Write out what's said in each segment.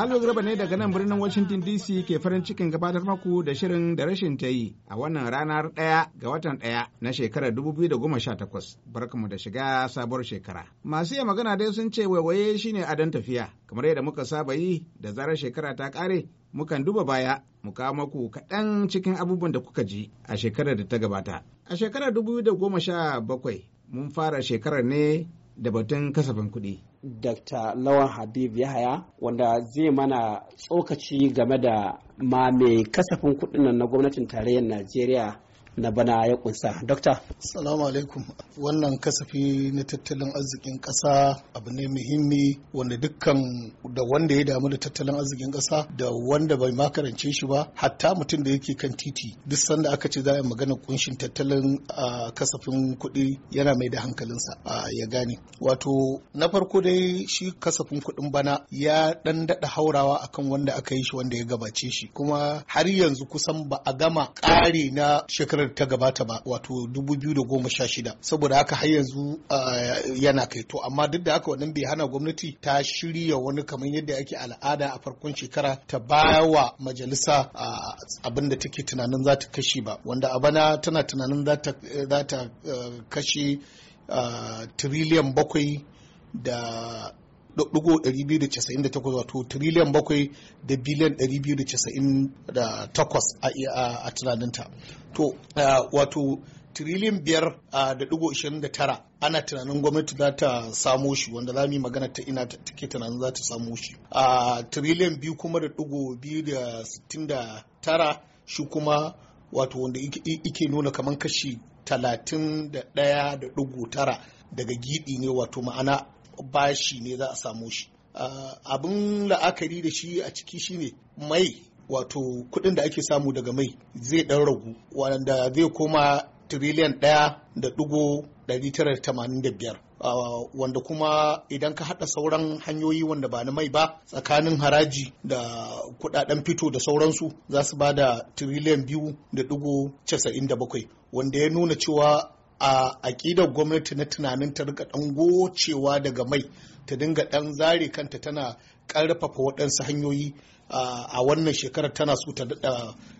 Halo Graba ne daga nan birnin Washington DC ke farin cikin gabatar maku da shirin da rashin ta yi a wannan ranar ɗaya ga watan ɗaya na shekarar 2018 barkamu da shiga sabuwar shekara. Masu iya magana dai sun ce waiwaye shine adon tafiya kamar yadda muka saba yi da zarar shekara ta ƙare mukan duba baya mu kawo maku kaɗan cikin abubuwan da kuka ji a shekarar da ta gabata. A shekarar 2017 mun fara shekarar ne da batun kasafin kuɗi. Dr. Lawan Habib Yahaya wanda zai mana tsokaci game da ma mai kasafin kuɗin na gwamnatin tarayyar Najeriya na bana ya kunsa dokta salamu alaikum wannan kasafi na tattalin arzikin ƙasa abu ne muhimmi wanda dukkan da wanda ya damu da tattalin arzikin ƙasa da wanda bai makarance shi ba hatta mutum da yake kan titi duk sanda aka ce za a magana kunshin tattalin kasafin kuɗi yana mai da hankalinsa a ya gane wato na farko dai shi kasafin kuɗin bana ya ɗan daɗa haurawa akan wanda aka yi shi wanda ya gabace shi kuma har yanzu kusan ba a gama ƙari na shekarar shekarar ta gabata ba wato 2016 saboda haka har yanzu yana kai to amma duk da haka wannan bai hana gwamnati ta shirya wani kamar yadda ake al'ada a farkon shekara ta bawa majalisa abin da take tunanin za ta kashe ba wanda a bana tana tunanin za ta eh, kashe eh, tiriliyan bakwai da 298 wato triliyan bakwai da biliyan 298 a tunaninta to wato tiriliyan biyar da digo ishirin da tara ana tunanin gwamnati za ta samo shi wanda za mu yi magana ta ina take tunanin za ta samo shi a tiriliyan biyu kuma da digo biyu da sittin da tara shi kuma wato wanda ike nuna kaman kashi talatin da ɗaya da digo tara daga giɗi ne wato ma'ana bashi ne za a samu shi abin la'akari da shi a ciki shine mai wato kuɗin da ake samu daga mai zai ɗan ragu wanda zai koma tiriliyan ɗaya da ɗigo wanda kuma idan ka hada sauran hanyoyi wanda ba na mai ba tsakanin haraji da kudaden fito da sauransu za su ba da tiriliyan biyu da digo casa'in da bakwai wanda ya nuna cewa a aƙidar gwamnati na tunanin ta rika ɗan gocewa daga mai ta dinga ɗan zare kanta tana ƙarfafa waɗansu hanyoyi a wannan shekarar tana so ta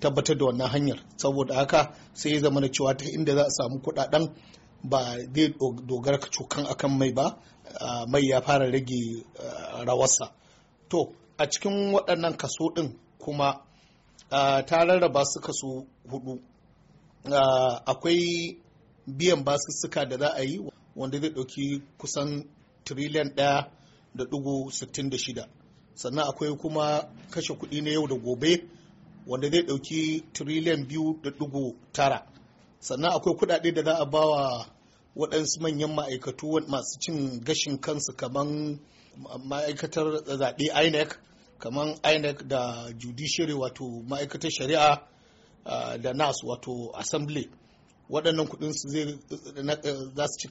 tabbatar da wannan hanyar saboda haka sai ya zama cewa ta inda za a samu kuɗaɗen ba zai dogara cokan akan mai ba mai ya fara rage rawarsa to a cikin waɗannan kaso ɗin kuma ta rarraba su kaso hudu akwai biyan basussuka da za a yi wanda zai ɗauki kusan tiriliyan ɗaya da dugu sittin da shida sannan akwai kuma kashe kuɗi na yau da gobe wanda zai ɗauki tiriliyan biyu da dugu tara sannan akwai kuɗaɗe da za a ba wa waɗansu manyan ma'aikatu masu cin gashin kansu kamar ma'aikatar zaɓe inec kamar inec da judiciary wato ma'aikatar shari'a ah, da nas wato assembly waɗannan kuɗin su zai eh, za su ci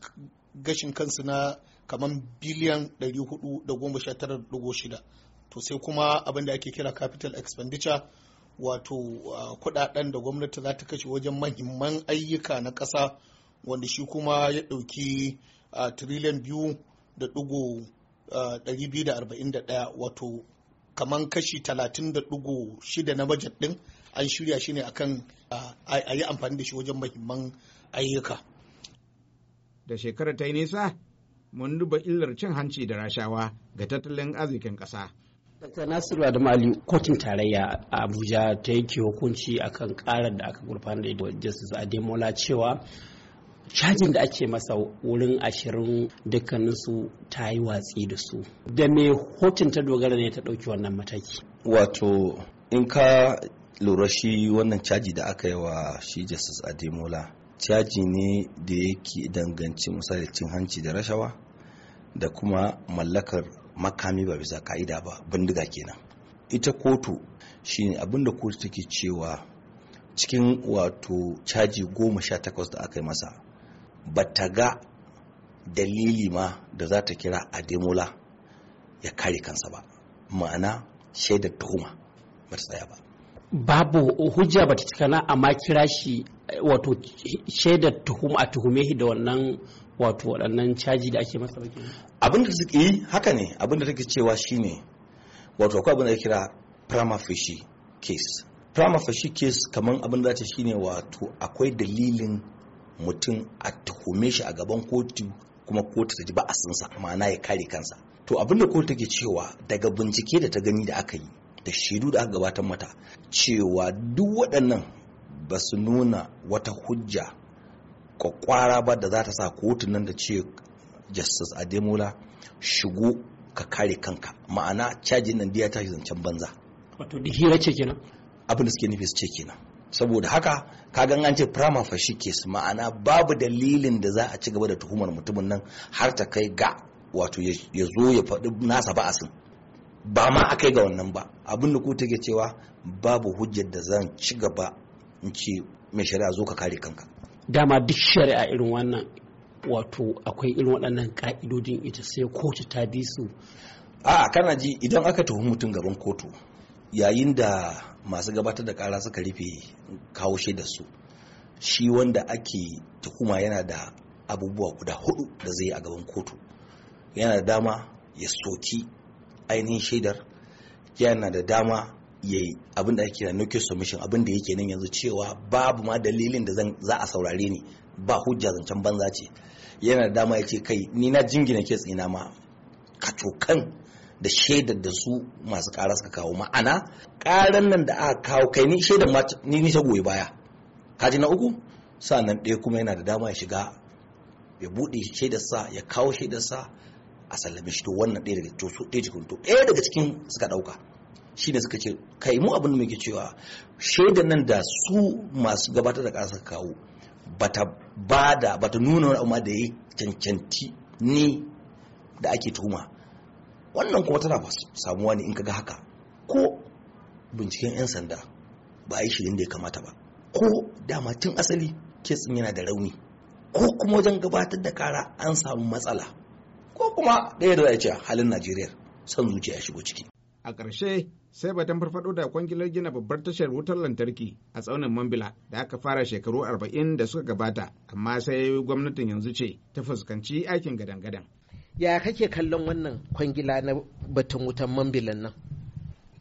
gashin kansu na kamar biliyan 419.6 to sai kuma abin da ake kira capital expenditure wato ah, kuɗaɗen da gwamnati za ta kashe wajen mahimman ayyuka na ƙasa wanda shi kuma ya ɗauki ah, triliyan biyu da ah, wato kamar kashi talatin na bajet ɗin an shirya shi ne akan a yi amfani da shi wajen mahimman ayyuka da shekarar ta yi nisa mun duba illar cin hanci da rashawa ga tattalin arzikin ƙasa. Dr. Nasiru Adamu Ali kotun tarayya a Abuja ta yanke hukunci akan karar da aka gurfanar da Justice Ademola cewa cajin da ake masa wurin ashirin dukkaninsu ta yi watsi da su. Da me hotun ta dogara ne ta ɗauki wannan mataki? Wato in ka lura shi wannan caji da aka yi wa shi justice ademola caji ne da yake danganci misali cin hanci da rashawa da kuma mallakar makami ba bisa ka'ida ba bindiga kenan ita kotu shine abinda kotu take cewa cikin wato caji goma sha takwas da aka yi masa ba ta ga dalili ma da za ta kira ademola ya kare kansa ba ma'ana shaidar tuhuma ba ta tsaya ba babu hujja ba ta cika na amma kira shi eh, wato shaidar tuhum a tuhume shi da wannan wato waɗannan caji da ake masa baki abin da suke yi haka ne abin da take cewa shine wato akwai abin da kira prima facie case prima facie case kamar abin da ta shine wato akwai dalilin mutum a tuhume shi a gaban kotu kuma kotu ta ji ba a sansa ma'ana ya kare kansa to abin da kotu take cewa daga bincike da ta gani da aka yi da shaidu da aka gabatar mata cewa duk waɗannan ba su nuna wata hujja kwakwara ba da za ta sa kotun nan da ce justice ademola shigo ka kare kanka ma'ana cajin nan biya tashi zancen banza wato da hira ce kenan abin da suke nufi su ce kenan saboda haka ka an ce prima fashi kes ma'ana babu dalilin da za a ci gaba da tuhumar mutumin nan har ta kai ga wato ya zo ya faɗi nasa ba'asin ba ma a kai ga wannan ba abin da ku take cewa babu hujjar da zan ci gaba in ce mai shari'a zo ka kare kanka dama duk shari'a irin wannan wato akwai irin waɗannan ƙa'idodin ita sai kotu ta bi su a kana ji idan aka tuhumi mutum gaban kotu yayin da masu gabatar da kara suka rufe kawo da su shi wanda ake tuhuma yana da abubuwa guda hudu da zai a gaban kotu yana da dama ya soki ainihin shaidar yana da dama ya yi abin da ake na nuclear submission abin da yake nan yanzu cewa babu ma dalilin da za a saurare ni ba hujja zancen banza ce yana da dama ya ce kai ni na jingina ke tsina ma kacokan da shaidar da su masu ƙara suka kawo ma'ana ƙaran nan da aka kawo kai ni shaidar ma ni nisa goyi baya kaji na uku sa nan ɗaya kuma yana da dama ya shiga ya buɗe shaidarsa ya kawo shaidarsa a sallame shi to wannan ɗaya daga to ɗaya cikin to ɗaya daga cikin suka ɗauka shi ne suka ce kai mu abin da muke cewa shaidan nan da su masu gabatar da ƙara suka kawo bata bada bata nuna wani amma da ya cancanci ne da ake tuhuma wannan kuma tana samuwa ne in kaga haka ko binciken 'yan sanda ba a yi shirin da ya kamata ba ko dama tun asali kesin yana da rauni ko kuma wajen gabatar da kara an samu matsala ko kuma ɗaya da ce halin najeriya son zuciya shigo ciki a ƙarshe sai batun farfado da kwangilar gina babbar tashar wutar lantarki a tsaunin mambila da aka fara shekaru arba'in da suka gabata amma sai gwamnatin yanzu ce ta fuskanci aikin gadan-gadan ya kake kallon wannan kwangila na batun wutan mambilan nan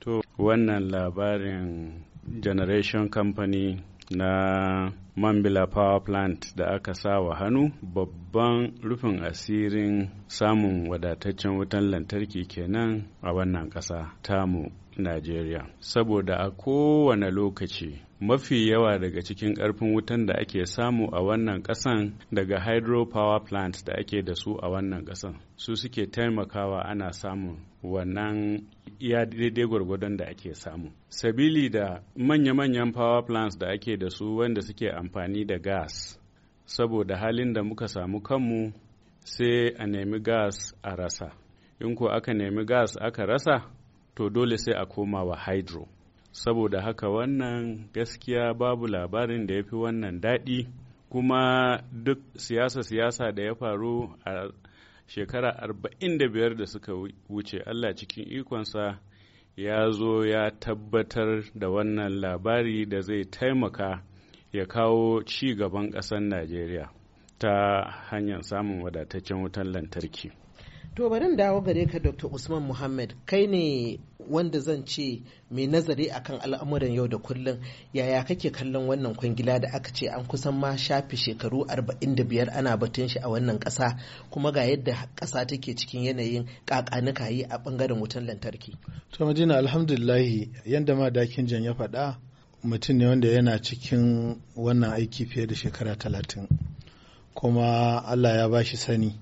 to wannan labarin generation company na Mambila Power Plant da aka sa wa hannu babban rufin asirin samun wadataccen wutan lantarki kenan a wannan ƙasa tamu Najeriya. Saboda a kowane lokaci mafi yawa daga cikin ƙarfin wutan da ake samu a wannan ƙasan daga hydropower plant da ake da su a wannan ƙasan su suke taimakawa ana samun wannan ya daidai gwargwadon da ake samu sabili da manya-manyan power plants da ake da su wanda suke amfani da gas saboda halin da muka samu kanmu sai a nemi gas a rasa in ko aka nemi gas aka rasa to dole sai a koma wa hydro saboda haka wannan gaskiya babu labarin da ya fi wannan daɗi kuma duk siyasa-siyasa da ya faru a shekara arba'in da biyar da suka wuce allah cikin ikonsa ya zo ya tabbatar da wannan labari da zai taimaka ya kawo ci gaban ƙasar najeriya ta hanyar samun wadataccen wutan lantarki To bari dawo gare ka Dr. Usman Muhammad kai ne wanda zan ce mai nazari akan al'amuran yau da kullum yaya kake kallon wannan kwangila da aka ce an kusan ma shafi shekaru 45 ana batun shi a wannan kasa kuma ga yadda ƙasa take cikin yanayin kakanuka yi a bangaren wutan lantarki. To Madina alhamdulillahi yadda ma dakin jan ya faɗa mutum ne wanda yana cikin wannan aiki fiye da shekara talatin kuma Allah ya bashi sani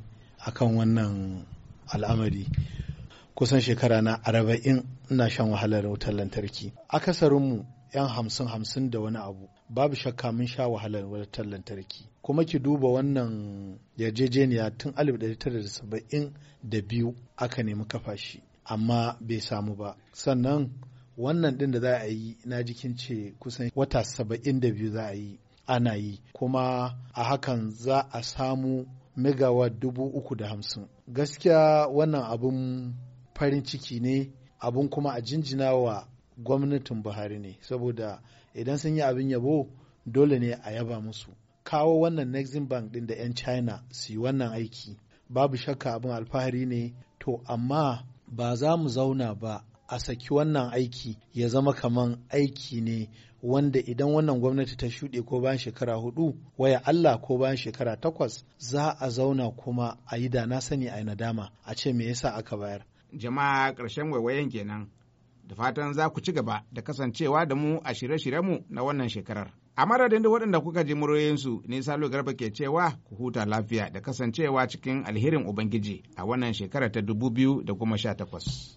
akan wannan al'amari kusan shekara na arba'in ina shan wahalar wutar lantarki akasarinmu yan hamsin hamsin da wani abu babu shakka mun sha wahalar wutar lantarki kuma ki duba wannan yarjejeniya tun 1972 aka nemi kafa shi amma bai samu ba sannan wannan din da za a yi na jikin ce kusan wata 72 za a yi ana yi kuma a hakan za a samu megawatt dubu uku da hamsin gaskiya wannan abun farin ciki ne abun kuma a jinjina wa gwamnatin buhari ne saboda idan sun yi abin yabo dole ne a yaba musu kawo wannan nexim bank din da 'yan china su yi wannan aiki babu shakka abin alfahari ne to amma ba za mu zauna ba a saki wannan aiki ya zama kaman aiki ne wanda idan wannan gwamnati ta shuɗe ko bayan shekara hudu waya Allah ko bayan shekara takwas za a zauna kuma a yi da na sani a nadama a ce me yasa aka bayar. Jama'a ƙarshen waiwayen kenan da fatan za ku ci gaba da kasancewa da mu a shirye mu na wannan shekarar. A madadin da waɗanda kuka ji muroyinsu ne Salo Garba ke cewa ku huta lafiya da kasancewa cikin alherin Ubangiji a wannan shekarar ta dubu biyu da sha takwas.